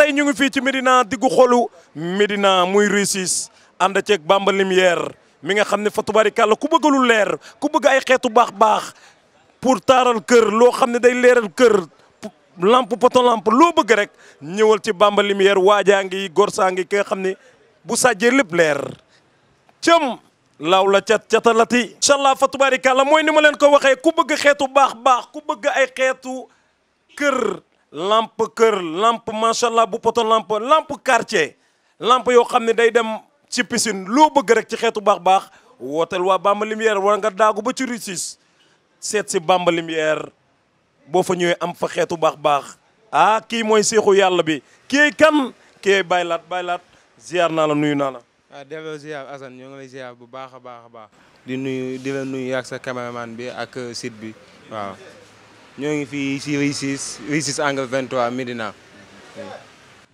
tey ñu ngi fii ci Médina diggu xolu Médina muy réussite ànd ceeg Bamba Lumière mi nga xam ne fa tubaarikàlla ku bëgg lu leer ku bëgg ay xeetu baax baax pour taaral kër loo xam ne day leeral kër lampe poto loo bëgg rek ñëwal ci Bamba Lumière waajaa ngi gorsaa ngi ki nga xam ne bu sàjjee lépp leer cëm laaw la cat catalati incha allah fa tubaarikàlla mooy ni ma leen ko waxee ku bëgg xeetu baax baax ku bëgg ay xeetu kër lamp kër lampe macha allah bu poto lamp lampe quartier lampe yoo xam ne day dem ci piscine loo bëgg rek ci xeetu baax baax wooteel waa Bamba Lumière war nga daagu ba ci rue seet si Bamba Lumière boo fa ñëwee am fa xeetu baax baax ah kii mooy seexu yàlla bi kii kan kii baylaat baylaat ziar naa la nuyu naa la. waaw ah, delloo ziar Assane ñoo ngi lay ziar bu baax a baax a baax. di nuyu di la nuyu ak sa caméraman bi ak euh, sit bi waaw. ñoo ngi fii ci Rue 6 Rue 6 angle 23 Médina.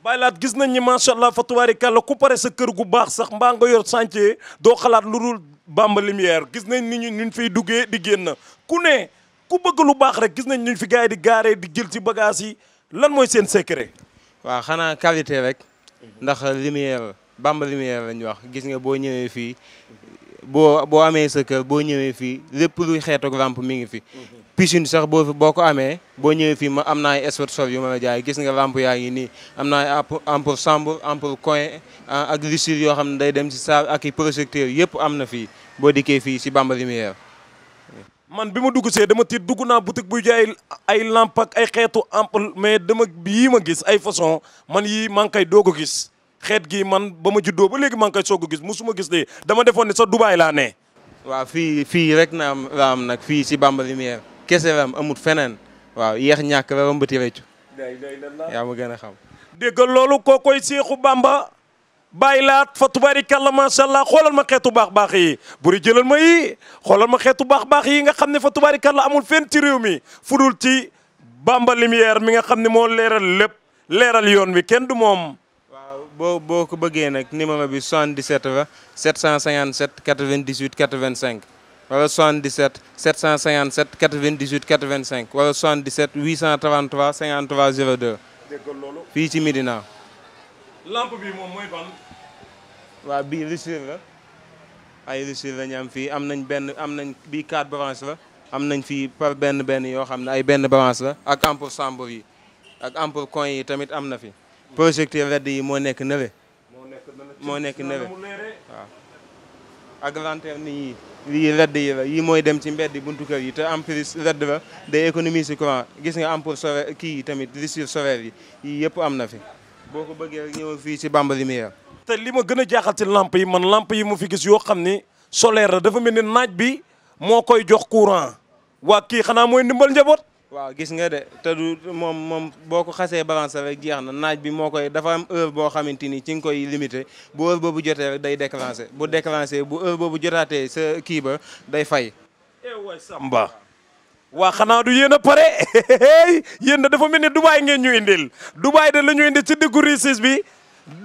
baylaat gis nañ ni macha allah fa tubaarikàlla ku pare sa kër gu baax sax mbaa nga yor chantier doo xalaat lu dul Bamba Lumière gis nañ ni ñu ñu fiy duggee di génn ku ne ku bëgg lu baax rek gis nañ ñu fi gars di gaaree di jël si bagage yi lan mooy seen secret. waaw xanaa qualité rek ndax lumière Bamba Lumière lañ wax gis nga boo ñëwee fii boo boo amee sa kër boo ñëwee fii lépp luy xeetu lampe mi ngi fi. piscine sax boo boo ko amee boo ñëwee fii ma am naa ay esport sof yu ma la jaay gis nga lamp yaa ngi nii am naa ay ampoule chambre ampoule coin ah, ak lissure yoo xam ne day dem si saa ak i projecteur yëpp am na fii boo dikkee fii si Bamba Lumière man bi ma dugg see dama tiit dugg naa boutique buy jaay ay làmp ak ay xeetu ampoule mais dama yii ma gis ay façon man yii maa ngi koy doog gis xeet gi man ba ma juddoo ba léegi maa ngi koy soog a gis musuma gis de dama defoon ne sa Dubaay laa ne. waaw fii fii rek na nag fii si Bamba kese am amut feneen waaw yéex ñàkk ba ba mbëti réccu yaa ma gën a xam déggal loolu koo koy Seexu Bamba bàyyi laat fa tubaarikàlla macha allah xoolal ma xeetu baax baax yi buri jëlal ma yi xoolal ma xeetu baax baax yi nga xam ne fa tubaarikàlla amul fenn ci réew mi fudul ci Bamba lumière mi nga xam ne moo leeral lépp leeral yoon wi kenn du moom waaw boo boo ko bëggee nag numéro bi 77 la 757 98 85 wala 77 757 98 85 wala 77 833 53 02. dégg loolu. fii ci Médina. lampe bi moom mooy ban. waaw bii rissure la ay rissure la ñu am fii am nañ benn am nañ bii quatre branches la. am nañ fii par benn benn yoo xam ne ay benn branche la. ak ampoule chambre yi ak ampoule coin yi tamit am na fi. projecteur redd yi moo nekk nële. moo nekk nële moo nekk nële yi. yi redd yi la yi mooy dem ci mbedd buntu kër yi te en plus redd la day économiser courant gis nga am pour kii yi tamit rissure sauver yi yii yëpp am na fi boo ko bëggee rek ñëw fii ci Bamba Lumière te li ma gën a jaaxal ci lamp yi man làmp yi mu fi gis yoo xam ni solaire la dafa mel ni naaj bi moo koy jox courant waa kii xanaa mooy ndimbal njaboot waaw gis nga de te du moom moom boo ko xasee balance rek jeex na naaj bi moo koy dafa am heure boo xamante ni ci nga koy limité bu heure boobu jotee rek day déclenché bu déclenché bu heure boobu jotaatee sa kii ba day fay. Eh waay Samba waa xanaa du yéen a pare yéen da dafa mel ni Dubaay ngeen ñu indil Dubaay de la ñu indi ci diggu réussite bi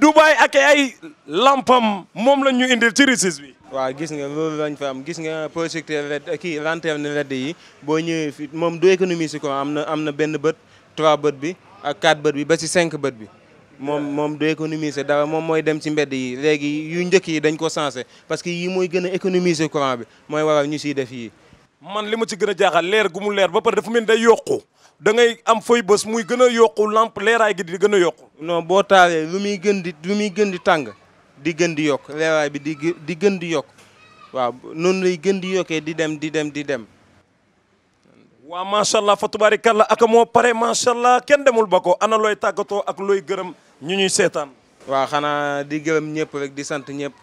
Dubaay ak ay lampam moom la ñu indil ci réussite bi. waaw gis nga loolu lañ fa am gis nga projecteur red kii lanterne red yi boo ñëwee fi moom du économie si courant am na am na benn bët trois bët bi ak quatre bët bi ba si cinq bët bi moom moom du économiser dara moom mooy dem ci mbedd yi léegi yu njëkk yi dañ ko sensé parce que yi mooy gën a économiser courant bi mooy waral ñu siy def yii. man li ma ci gën a jaaxal leer gu mu leer ba pare dafa mel day yokku da ngay am fooy bës muy gën a yokku lampe leeraay gi di gën a yokku. non boo taalee lu muy gën di muy gën di tàng di gën di yokk bi di di gën di yokk waaw noonu lay gën di yokkee di dem di dem di dem waaw macha allah fa tubaarikàlla ak moo pare macha allah kenn demul ba ko ana looy tàggatoo ak looy gërëm ñu ñuy seetaan waaw xanaa di gërëm ñëpp rek di sant ñëpp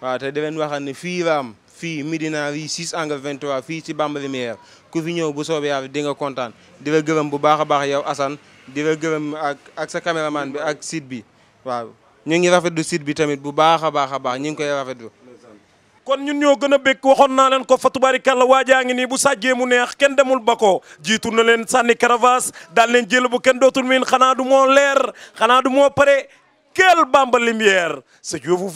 waaw te di leen waxal ni fii raam fii Médina rue 6 angle 23 fii ci Bambilor ku fi ñëw bu soobe yàlla di nga kontaan di la gërëm bu baax a baax yow Assane di la gërëm ak ak sa caméraman bi ak siid bi waaw ñu ngi rafet du site bi tamit bu baax a baax a baax ñu ngi koy rafet rafetlu. kon ñun ñoo gën a bëgg naa leen ko fa tubaarikàlla waajaa ngi nii bu sàjjee mu neex kenn demul ba ko jiitu na leen sànni caravas daal leen jël bu kenn dootul miin xanaa du moo leer xanaa du moo pare quelle Bamba lumière sa Dieu vous